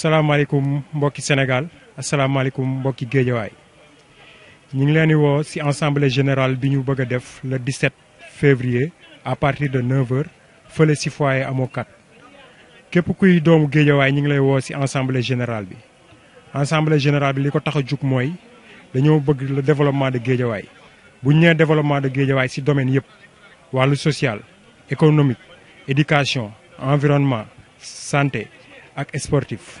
assalamu alaikum, Sénégal Assalamu alaikum, Géejawaay ñu Nous avons woo ci assemblée générale bi le 17 février à partir de 9h fële les foyer amoo kat képp kuy doomu Géejawaay ñu lay woo ci assemblée général bi. assemblée générale bi liko le développement de Nous bu eu développement de Géejawaay ci domaine yépp social économique éducation environnement santé et sportif.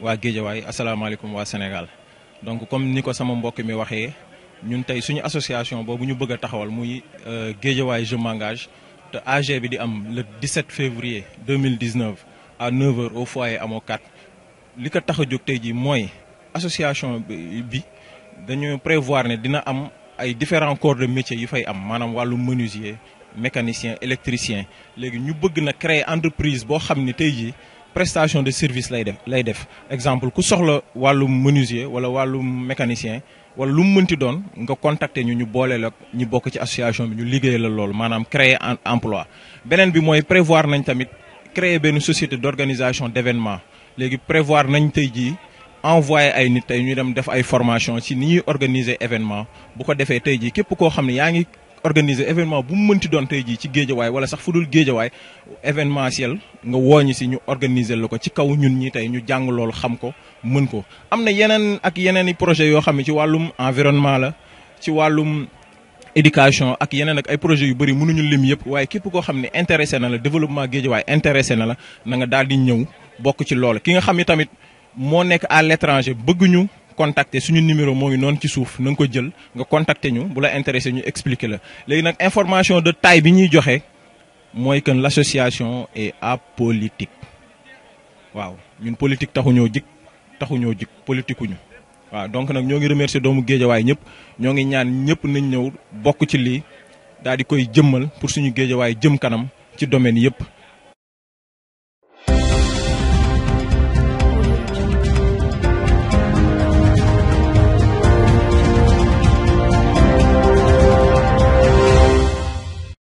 wa guedjaway Assalamu asalaamaaleykum wa Sénégal donc comme niko sama mbokk mi waxé ñun tay suñu association boobu ñu bëgg taxawal muy euh, guedjaway je m'engage te AG bi di am le 17 février 2019 à 9h au foyer Hamo 4 li ko tax a jóg association bi dañu prévoir né dina am ay différents corps de métier yu fay am manam walu menuisier mécanicien électricien légui ñu bëgg na créer entreprise bo xamni tay ji prestation de service lay def lay def exemple ku soxla walum menuisier wala walum mécanicien wala lu meunti don nga contacter ñu ñu bolé la ñu bok ci association bi ñu liggéey la lool manam créer emploi benen bi moy prévoir nañ tamit créer benn société d'organisation d'événement légui prévoir nañ tay ji envoyer ay nit tay ñu dem def ay formation ci ni organiser événement bu ko défé tay ji képp ko xamni ne organiser événement bu mu mënti doon tey jii ci géejawaay wala sax fu dul géejawaay événementiel nga wooñi si ñu organiser la ko ci kaw ñun ñi tey ñu jàng lool xam ko mën ko am na yeneen ak yeneen i projet yoo xam ne ci wàllum environnement la ci wàllum éducation ak yeneen ak ay projets yu bari mënuñu lim yëpp waaye képp koo xam ne intéressé na la développement Guédiawaye intéressé na la nanga nga daal di ñëw bokk ci lool ki nga xam ne tamit moo nekk à l'étranger contacter suñu numéro moo ngi noonu ci suuf na nga ko jël nga contacter ñu bu la intéressé ñu expliquer la information de taille bi ñuy joxe c'est que l'association est apolitique waaw ñun politique ñoo jik ñoo jik ñu waaw donc nak ñoo ngi remercier doomu way ñep ñoo ngi ñaan ñep nañ ñew bokku ci li daal di koy jëmmal pour suñu way jëm kanam ci domaine yëpp